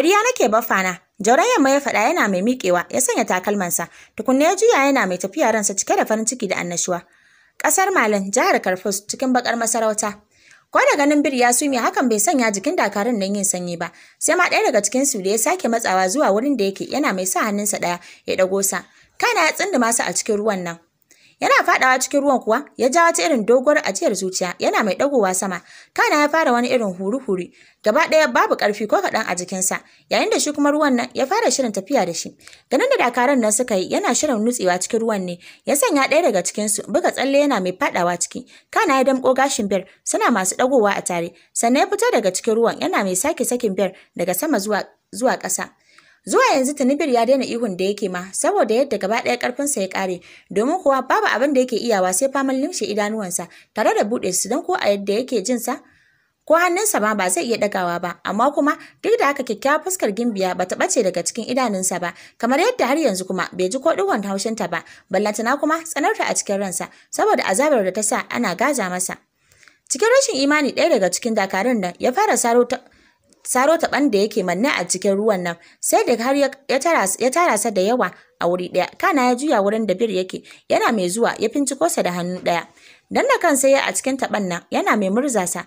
Fariya nake bafana. jauran yamma ya faɗa yana mai miƙewa ya sanya takalmansa. Tukunna ya juya yana mai tafiya ransa cike da farin ciki da annashuwa. Ƙasar Malin, jihar Karfus cikin bakar masarauta. Ko da ganin biri ya sume hakan bai sanya jikin dakarun nan yin sanyi ba. Sai ma ɗaya daga cikin su da ya sake matsawa zuwa wurin da yake yana mai sa hannunsa ɗaya ya ɗago sa. Kana ya tsinda su a cikin ruwan nan. Yana faɗawa cikin ruwan kuwa ya ja wata irin doguwar ajiyar zuciya yana mai dagowa sama. Kana ya fara wani irin huri-huri gaba ɗaya babu ƙarfi ko kaɗan a jikinsa yayin da shi kuma ruwan nan ya fara shirin tafiya da shi. Ganin da dakaran nan suka yi yana shirin nutsewa cikin ruwan ne ya sanya ɗaya daga cikinsu buga tsalle yana mai faɗawa ciki. Kana ya damƙo gashin biyar suna masu ɗagowa a tare sannan ya fito daga cikin ruwan yana mai sake sakin biyar daga sama zuwa zuwa ƙasa. Zuwa yanzu Tanibir ya daina ihun da yake ma saboda yadda gaba ɗaya ƙarfinsa ya ƙare domin kuwa babu abin da yake iyawa sai faman limshe idanuwansa tare da buɗe su don ko a yadda yake jinsa ko hannunsa ma ba zai iya ɗagawa ba amma kuma duk da haka kyakkyawar fuskar gimbiya ba ta ɓace daga cikin idanunsa ba kamar yadda har yanzu kuma bai ji ko ɗigon haushinta ba ballantana kuma tsanarta a cikin ransa saboda azabar da ta sa ana gaza masa cikin rashin imani ɗaya daga cikin dakarun nan ya fara saro ta saro taɓan da yake manne a cikin ruwan nan sai da har ya tara sa da yawa a wuri ɗaya kana ya juya wurin da bir yake yana mai zuwa ya finci kosa da hannu ɗaya Danna kan ya a cikin taɓan nan yana mai murzasa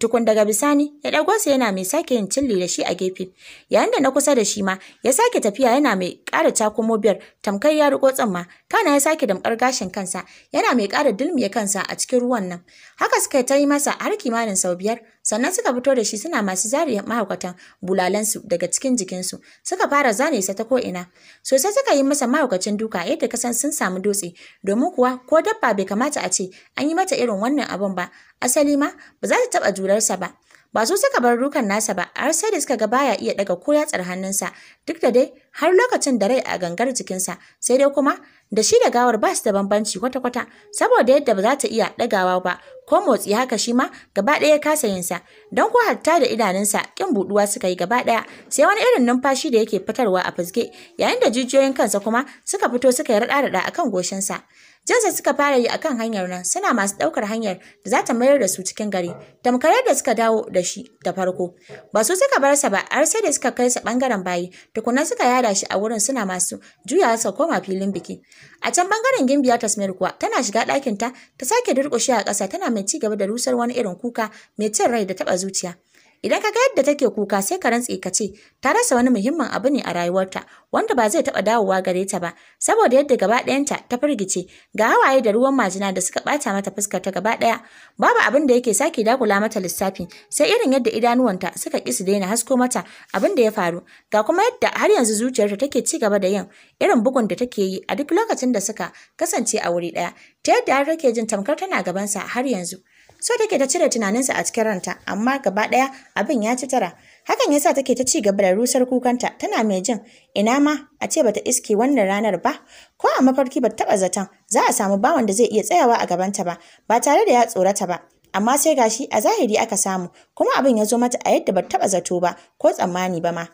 tukun daga bisani ya dago sai yana mai sake yin cilli da shi a gefe. Yayin da na kusa da shi ma ya sake tafiya yana mai ƙara takumo biyar tamkar ya riƙo tsamma kana ya sake damkar gashin kansa yana mai ƙara dulmiye kansa a cikin ruwan nan. Haka suka ta yi masa har kimanin sau biyar sannan suka fito da shi suna masu zare mahaukatan bulalansu daga cikin jikinsu suka fara zane sa ta ko'ina. Sosai suka yi masa mahaukacin duka yadda kasan sun samu dutse domin kuwa ko dabba bai kamata a ce an yi mata irin wannan abun ba asali ma ba za ta taɓa jurarsa ba ba su suka bar dukan nasa ba har sai da suka ga baya iya daga ko yatsar hannunsa duk da dai har lokacin da rai a gangar jikinsa sai dai kuma da shi da gawar ba su da bambanci kwata-kwata saboda yadda ba za ta iya ɗagawa ba ko motsi haka shi ma gaba ɗaya kasa yin sa don ko hatta da idanunsa ƙin buɗuwa suka yi gaba ɗaya sai wani irin numfashi da yake fitarwa a fuske yayin da jijiyoyin kansa kuma suka fito suka yi raɗa-raɗa akan goshinsa. Jinsa suka fara yi akan hanyar nan suna masu ɗaukar hanyar da za ta mayar da su cikin gari, tamkar yadda suka dawo da shi da farko. Ba su suka bar sa ba, har sai da suka kai sa ɓangaren bayi, tukunan suka yada shi a wurin suna masu juyawa suka koma filin biki. A can bangaren Gimbiya Tasmir kuwa tana shiga ɗakinta ta sake durƙushe a ƙasa tana mai ci gaba da rusar wani irin kuka mai cin rai da taɓa zuciya. Idan ka ga yadda take kuka sai ka rantse ka ce ta rasa wani muhimmin abu ne a rayuwarta wanda ba zai taɓa dawowa gare ta ba saboda yadda gaba ɗayanta ta firgice ga hawaye da ruwan majina da suka ɓata mata fuskar ta gaba ɗaya. Babu abin da yake sake dakula mata lissafi sai irin yadda idanuwanta suka ƙi su daina hasko mata abin da ya faru ga kuma yadda har yanzu zuciyarta take ci gaba da yin irin bugun da take yi a duk lokacin da suka kasance a wuri ɗaya ta yadda har take jin tamkar tana gabansa har yanzu. So take ta cire tunaninsa a cikin ranta, amma gaba ɗaya abin ya ci tara. Hakan yasa take ta ci gaba da rusar kukanta, tana mai jin ina ma a ce bata iske wannan ranar ba, ko a mafarki bata taɓa zaton za a samu bawan da zai iya tsayawa a gabanta ba, ba tare da ya tsorata ba. Amma sai gashi a zahiri aka samu, kuma abin ya zo mata a yadda bata taɓa zato ba ko tsammani ba ma.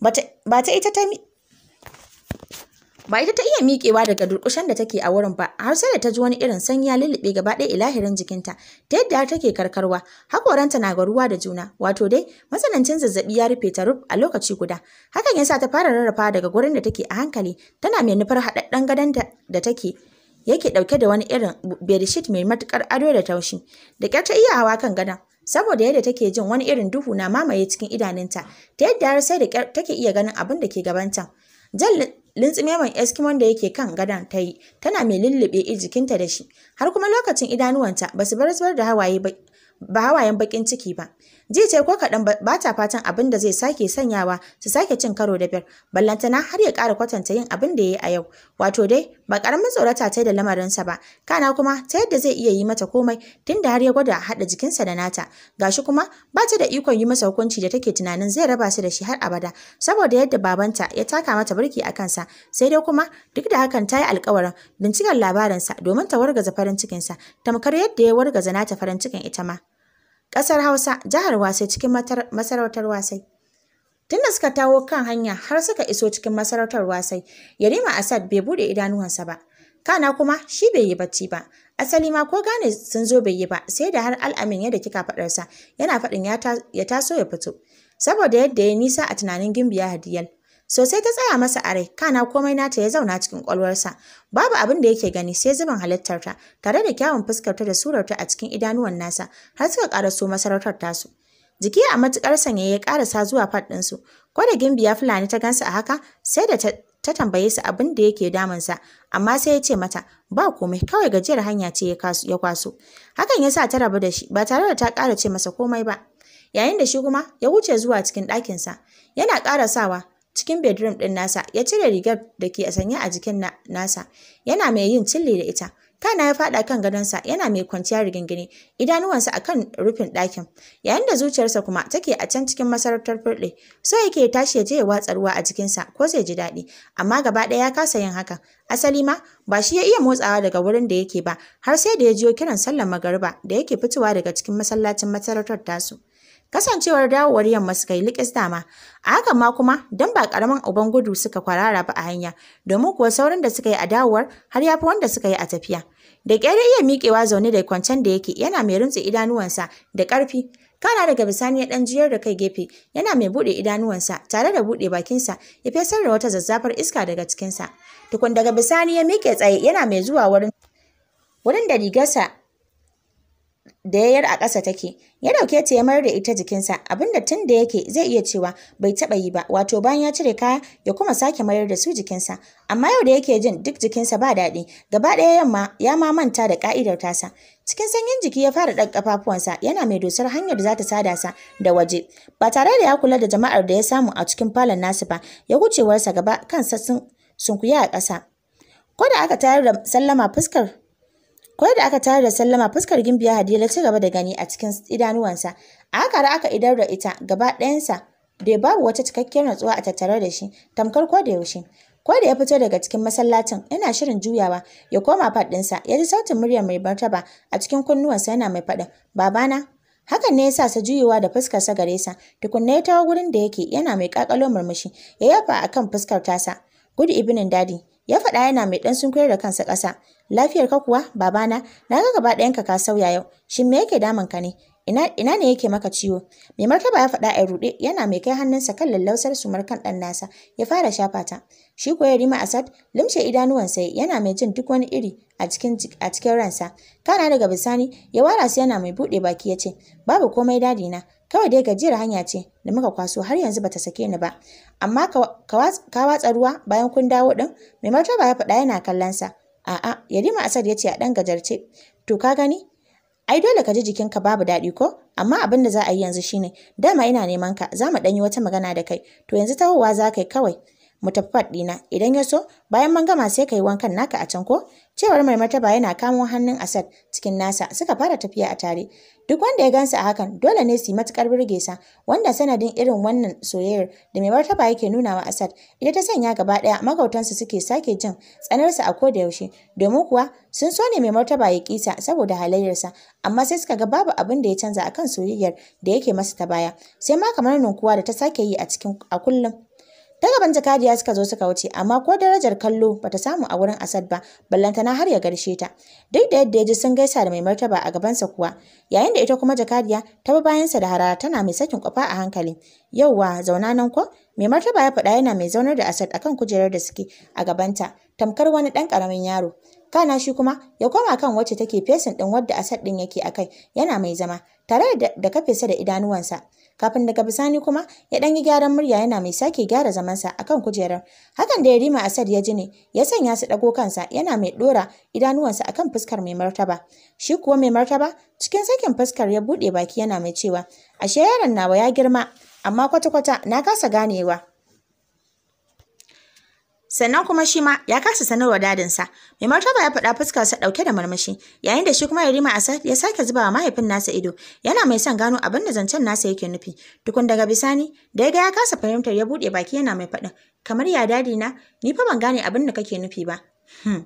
Bata, ta ita ta Ba ita ta iya miƙewa daga durƙushen da take a wurin ba, har sai da ta ji wani irin sanyi ya lullube gaba ɗaya ilahirin jikinta, ta yadda har take karkarwa, hakoranta na ga ruwa da juna, wato dai matsanancin zazzaɓi ya rufe ta rub a lokaci guda. Hakan ya sa ta fara rarrafa daga gurin da take a hankali, tana mai nufar haɗaɗɗen gadon da take. Yake ɗauke da wani irin bedsheet mai matuƙar ado da taushi, da ƙyar ta iya hawa kan gadon, saboda yadda take jin wani irin duhu na mamaye cikin idanunta, ta yadda har sai da take iya ganin abin da ke gabanta. Jan lintsimewan eskimon da yake kan gadon ta yi tana mai lullube jikinta da shi har kuma lokacin idanuwanta ba su bar da hawaye ba hawayen bakin ciki ba Ji ce ko kaɗan ba ta fatan abin da zai sake sanyawa su sake cin karo da biyar. Ballantana har ya ƙara kwatanta yin abin da ya yi a yau. Wato dai ba ƙaramin tsorata ta da lamarinsa ba. Kana kuma ta yadda zai iya yi mata komai tun da har ya gwada haɗa jikinsa da nata. Gashi kuma ba ta da ikon yi masa hukunci da take tunanin zai raba su da shi har abada. Saboda yadda babanta ya taka mata birki a kansa. Sai dai kuma duk da hakan ta yi alkawarin bincikar labarinsa domin ta wargaza farin cikinsa tamkar yadda ya wargaza nata farin cikin ita ma. ƙasar Hausa, jihar Wasai cikin masarautar Wasai. Tun da suka tawo kan hanya har suka iso cikin masarautar Wasai, Yarima Asad bai bude idanuwansa ba. Kana kuma shi bai yi bacci ba. Asali ma ko gane sun zo bai yi ba, sai da har al'amin yadda kika faɗarsa, yana faɗin ya taso ya fito. Saboda yadda ya nisa a tunanin gimbiya Hadiyal, Sosai ta tsaya masa a rai, kana komai nata ya zauna cikin kwalwarsa Babu abin da yake gani sai zubin halittarta, tare da kyawun fuskarta da surarta a cikin idanuwan nasa, har suka so masarautar tasu. Jiki a matukar sanye ya ƙarasa zuwa faɗinsu. Ko da gimbiya Fulani ta gansa a haka, sai da ta ta tambaye su abin da yake damunsa, amma sai ya ce mata, ba komai, kawai gajiyar hanya ce ya kwaso. Hakan ya sa ta rabu da shi, ba tare da ta ƙara ce masa komai ba. Yayin da shi kuma ya wuce zuwa cikin ɗakinsa, yana ƙarasawa, cikin bedroom ɗin nasa ya cire rigar da ke sanya a jikin nasa yana mai yin cilli da ita kana ya faɗa kan gadon sa, yana mai kwanciya rigingine idanuwansa akan rufin ɗakin yayin da zuciyarsa kuma take a can cikin masarautar furɗe so yake tashi ya je ya watsa ruwa a jikinsa ko zai ji daɗi amma gaba ɗaya ya kasa yin haka asali ma ba shi ya iya motsawa daga wurin da yake ba har sai da ya jiyo kiran sallar magariba da yake fitowa daga cikin masallacin masarautar tasu Kasancewar dawowar yamma suka yi likista ma, a hakan ma kuma don ba ƙaramin uban gudu suka kwarara ba a hanya, domin kuwa saurin da suka yi a dawowar har ya fi wanda suka yi a tafiya. Da ƙyar iya miƙewa zaune da kwancen da yake yana mai runtse idanuwansa da ƙarfi. Kana daga bisani ya ɗan jiyar da kai gefe, yana mai buɗe idanuwansa tare da buɗe bakinsa ya fesar da wata zazzafar iska daga cikinsa. Tukun daga bisani ya miƙe tsaye yana mai zuwa wurin wurin da rigarsa da yayar a ƙasa take ya ɗauke ta ya mayar da ita jikinsa abinda tun da yake zai iya cewa bai taɓa yi ba wato bayan ya cire kaya ya kuma sake mayar da su jikinsa amma yau da yake jin duk jikinsa ba daɗi gaba ɗaya yamma ya ma manta da ƙa'idar tasa cikin sanyin jiki ya fara ɗan kafafuwansa yana mai dosar hanyar da za ta sada sa da waje ba tare da ya kula da jama'ar da ya samu a cikin falon nasu ba ya wucewarsa gaba kansa sun sunkuya a ƙasa ko da aka tayar da sallama fuskar Kwai da aka tare da sallama fuskar gimbiya hadiyar ci gaba da gani a cikin idanuwansa. A haka aka idar da ita gaba ɗayansa da babu wata cikakkiyar natsuwa a tattare da shi tamkar ko da yaushe. Ko da ya fito daga cikin masallacin yana shirin juyawa ya koma faɗinsa ya ji sautin muryar mai martaba a cikin kunnuwansa yana mai faɗin babana Hakan ne ya sa sa juyowa da sa gare sa, tukunna ya tawo gurin da yake yana mai kakalo murmushi, ya yafa akan fuskar tasa. gudu evening dadi. ya faɗa yana mai ɗan sunkuyar da kansa ƙasa lafiyar ka kuwa babana na ga gaba ɗayanka ka sauya yau shin me yake damun ka ne ina ina ne yake maka ciwo mai martaba ya faɗa a ruɗe yana mai kai hannunsa kan lallausar sumar kan ɗan nasa ya fara shafa ta shi ya Rima Asad limshe idanuwansa yana mai jin duk wani iri a cikin a cikin ransa kana daga bisani ya wara yana mai buɗe baki ya ce babu komai dadi na Kawai dai gajiyar hanya ce da muka kwaso har yanzu bata sake ni ba. Amma ka watsa ruwa bayan kun dawo ɗin, mai martaba ya faɗa yana kallon sa. A'a, Yarima Asad ya ce a ɗan gajarce. To ka gani? Ai dole ka ji jikinka babu daɗi ko? Amma abin da za a yi yanzu shine, dama ina neman ka, za mu ɗan yi wata magana da kai. To yanzu tahowa za kai kawai. Mu tafi ɗina, idan ya so, bayan mun gama sai ka yi wankan naka a can ko? Cewar mai martaba yana kamo hannun Asad cikin nasa suka fara tafiya a tare. Duk wanda ya gansa a hakan dole ne su yi matuƙar birge sa wanda sanadin irin wannan soyayyar da mai martaba yake nuna wa Asad ita ta sanya gaba ɗaya magautansu suke sake jin tsanarsa a koda yaushe domin kuwa sun so ne mai martaba ya kisa saboda halayyarsa amma sai suka ga babu abin da ya canza akan soyayyar da yake masa ta baya sai ma kamar ninkuwa da ta sake yi a cikin a kullum. ta gaban jakadiya suka zo suka wuce amma ko darajar kallo bata samu a wurin Asad ba ballantana har ya garshe ta duk da yadda ya ji sun gaisa da mai martaba a gabansa kuwa yayin da ita kuma jakadiya ta bi sa da harara tana mai sakin kwafa a hankali yauwa zauna nan ko mai martaba ya faɗa yana mai zaunar da Asad akan kujerar da suke a gaban ta tamkar wani ɗan karamin yaro kana shi kuma ya koma kan wacce take fesin ɗin wadda Asad ɗin yake akai yana mai zama tare da kafesa da idanuwansa kafin daga bisani kuma ya ɗan yi gyaran murya yana mai sake gyara zamansa akan kujerar hakan da ya rima asad ya ji ne ya sanya su ɗago kansa yana mai ɗora idanuwansa akan fuskar mai martaba shi kuwa mai martaba cikin sakin fuskar ya bude baki yana mai cewa ashe yaron nawa ya girma amma kwata-kwata na kasa ganewa sannan kuma shi ma ya kasa sanarwa dadinsa mai martaba ya faɗa fuska sa ɗauke da marmashi yayin da shi kuma ya yarima asad ya sake zuba wa mahaifin nasa ido yana mai son gano abin da zancen nasa yake nufi tukun daga bisani da ya ya kasa fahimtar ya buɗe baki yana mai faɗin kamar ya dadi na ni fa ban gane abin da kake nufi ba Hmm.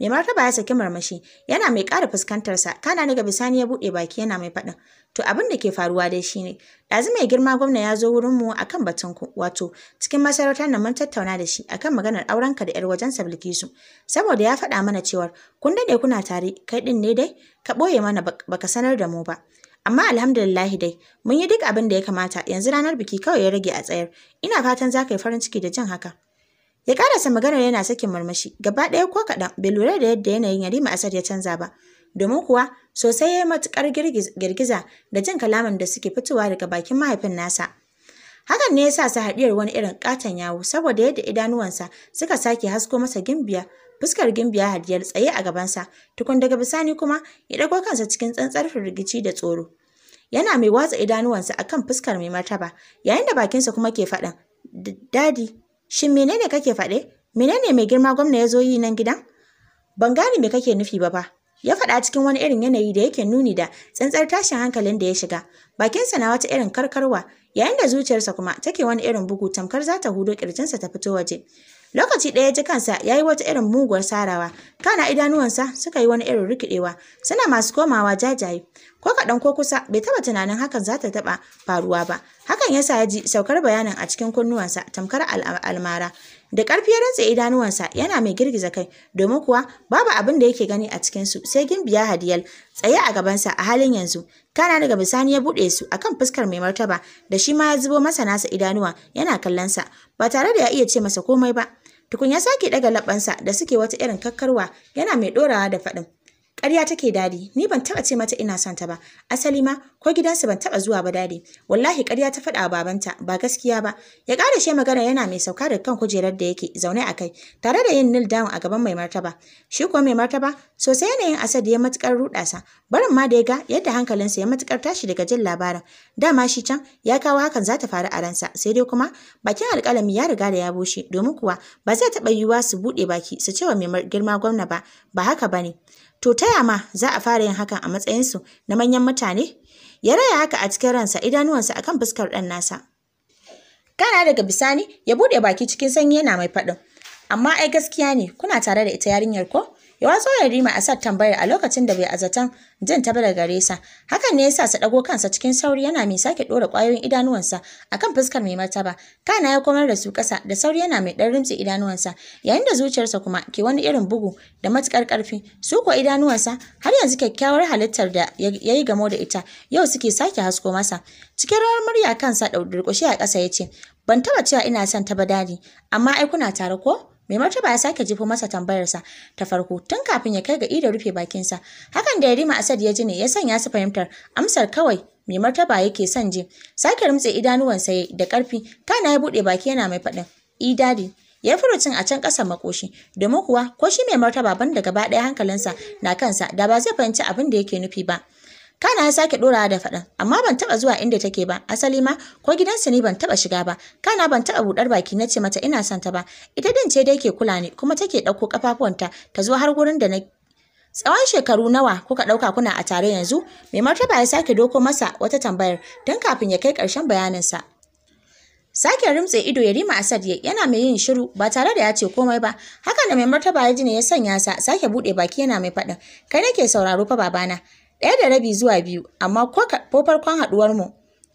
Mai martaba ya saki marmashi, yana mai ƙara fuskantarsa, kana daga bisani ya buɗe baki yana mai faɗin. To abin da ke faruwa dai ne. ɗazu mai girma gwamna ya zo wurinmu akan batun ku. wato cikin masarautar nan mun tattauna da shi akan maganar aurenka da 'yar wajen su Saboda ya faɗa mana cewar, kun daɗe kuna tare, kai ɗin ne dai, ka ɓoye mana baka sanar da mu ba. Amma alhamdulillahi dai, mun yi duk abin da ya kamata, yanzu ranar biki kawai ya rage a tsayar. Ina fatan za ka yi farin ciki da jin haka. Ya karasa maganar yana sakin marmashi, gaba ɗaya ko kaɗan bai lura da yadda yanayin Yarima Asad ya canza ba, domin kuwa sosai ya yi matuƙar girgiza da jin kalaman da suke fitowa daga bakin mahaifin nasa. Hakan ne ya sa su haɗiyar wani irin ƙaton yawo saboda yadda idanuwansa suka sake hasko masa gimbiya, fuskar gimbiya hadiyar tsaye a gabansa, tukun daga bisani kuma ya ɗago kansa cikin tsantsar firgici da tsoro. Yana mai watsa idanuwansa akan fuskar mai martaba, yayin da bakinsa kuma ke faɗin, Dadi, Shin menene kake faɗe? Menene mai girma gwamna ya zo yi nan gidan? Ban gane me kake nufi ba ba. Ya faɗa cikin wani irin yanayi da yake nuni da tsantsar tashin hankalin da ya shiga. Bakinsa na wata irin karkarwa, yayin da zuciyarsa kuma take wani irin bugu tamkar za ta hudo kirjinsa ta fito waje. Lokaci ɗaya ji kansa ya yi wata irin muguwar sarawa, kana idanuwansa suka yi wani irin rikidewa, suna masu komawa jajaye. ko kaɗan ko kusa bai taɓa tunanin hakan za ta taɓa faruwa ba hakan ya sa ya ji saukar bayanin a cikin kunnuwansa tamkar almara da ƙarfi ya rantse idanuwansa yana mai girgiza kai domin kuwa babu abin da yake gani a cikin su sai gimbiya hadiyal tsaye a gabansa a halin yanzu kana daga bisani ya buɗe su akan fuskar mai martaba da shi ma ya zubo masa nasa idanuwa yana kallonsa ba tare da ya iya ce masa komai ba tukun ya sake ɗaga laɓansa da suke wata irin kakkarwa yana mai ɗorawa da faɗin Ƙarya take dadi, ni ban taɓa ce mata ina son ta ba. Asali ma ko gidansu ban taɓa zuwa ba dadi. Wallahi ƙarya ta faɗa babanta, ba gaskiya ba. Ya ƙara she magana yana mai sauka da kan kujerar da yake zaune a kai, tare da yin nil down a gaban mai martaba. Shi kuwa mai martaba sosai yanayin Asad ya matuƙar ruɗa sa. Barin ma da ya ga yadda hankalinsa ya matuƙar tashi daga jin labarin. Dama shi can ya kawo hakan za ta faru a ransa, sai dai kuma bakin alƙalami ya riga da ya bushe, domin kuwa ba zai taɓa yiwuwa su buɗe baki su ce wa mai girma gwamna ba, ba haka ba ne. To ta yama za a fara yin hakan a matsayinsu na manyan mutane? Ya raya haka a cikin ransa idanuwansa akan fuskar ɗan nasa. Kana daga bisani ya buɗe baki cikin sanyi yana mai faɗin. Amma ai gaskiya ne kuna tare da ita yarinyar ko? Ya watso da Rima sa tambayar a lokacin da bai zaton jin ta da gare sa. Hakan ne yasa sa dago kansa cikin sauri yana mai sake dora kwayoyin idanuwansa akan fuskar mai mataba. Kana ya komar da su kasa da sauri yana mai dan rimtsi idanuwansa yayin da zuciyarsa kuma ke wani irin bugu da matukar karfi Su ko idanuwansa har yanzu kyakkyawar halittar da yayi gamo da ita yau suke sake hasko masa. Cikin rawar murya kansa durƙushe a ƙasa ya ce, Ban taba cewa ina son ta ba dadi, amma ai kuna tare ko? mai martaba ya sake jifo masa tambayarsa ta farko tun kafin ya kai ga ido rufe bakinsa hakan da yarima asad ya ji ne ya sanya su fahimtar amsar kawai mai martaba yake son je. sake rumtse idanuwansa ya da ƙarfi kana ya buɗe baki yana mai faɗin idadi ya furucin a can ƙasan makoshi domin kuwa ko shi mai martaba banda gaba ɗaya hankalinsa na kansa da ba zai fahimci abin da yake nufi ba Kana ya sake dorawa da faɗin, amma ban taɓa zuwa inda take ba, asali ma ko su ne ban taɓa shiga ba, kana ban taɓa buɗar baki na ce mata ina son ta ba, ita din ce dai ke kula ne kuma take ɗauko ƙafafuwanta ta zo har gurin da na Tsawon shekaru nawa kuka ɗauka kuna a tare yanzu? Mai martaba ya sake doko masa wata tambayar don kafin ya kai karshen bayanin sa. Sake rimtse ido ya rima Asad ya yana mai yin shiru ba tare da ya ce komai ba. Haka da mai martaba ya ji ne ya sanya sa sake buɗe baki yana mai faɗin. Kai nake sauraro fa babana. ɗaya da rabi zuwa biyu amma ko farkon haɗuwar mu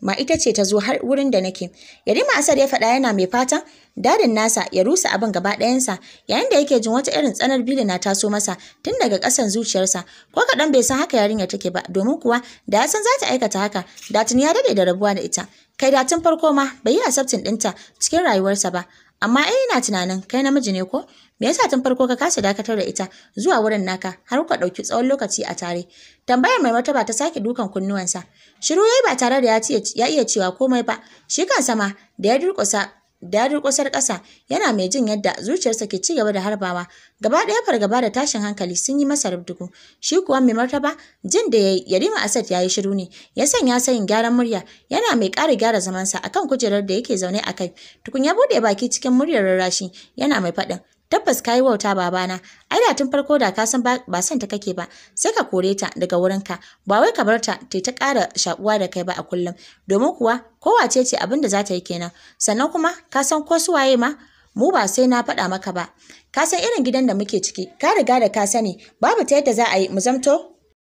ma ita ce ta zo har wurin da nake yarima asar ya faɗa yana mai fatan dadin nasa ya rusa abin gaba ɗayansa yayin da yake jin wata irin tsanar da na taso masa tun daga ƙasan zuciyarsa ko kaɗan bai san haka yarinya take ba domin kuwa da ya san za ta aikata haka datin ya daɗe da rabuwa da ita kai datin farko ma bai yi asabtin ɗinta cikin rayuwarsa ba amma ai ina tunanin kai namiji ne ko me yasa tun farko ka kasa dakatar da ita zuwa wurin naka har ka dauki tsawon lokaci a tare tambayar mai martaba ta sake dukan kunnuwan sa shiru yayi ba tare da ya iya cewa komai ba shi kansa ma da ya durƙusa dadin ya kasa yana mai jin yadda zuciyarsa ke ci gaba da harbawa gaba ɗaya fargaba da tashin hankali sun yi masa rubdugu shi kuwa mai martaba jin da yayi Yarima Asad yayi shiru ne ya sanya sayin gyaran murya yana mai ƙara gyara zamansa akan kujerar da yake zaune a kai tukun ya buɗe baki cikin muryar rarrashi yana mai faɗin tabbas kayi wauta babana ai da tun farko da ka san ba san ta kake ba sai ka kore ta daga wurinka ba wai ka bar ta ta ta kara shakuwa da kai ba a kullum domin kuwa kowace ce abin da za ta yi kenan sannan kuma ka san ko suwaye ma mu ba sai na faɗa maka ba ka san irin gidan da muke ciki ka riga da ka sani babu ta yadda za a yi mu zamto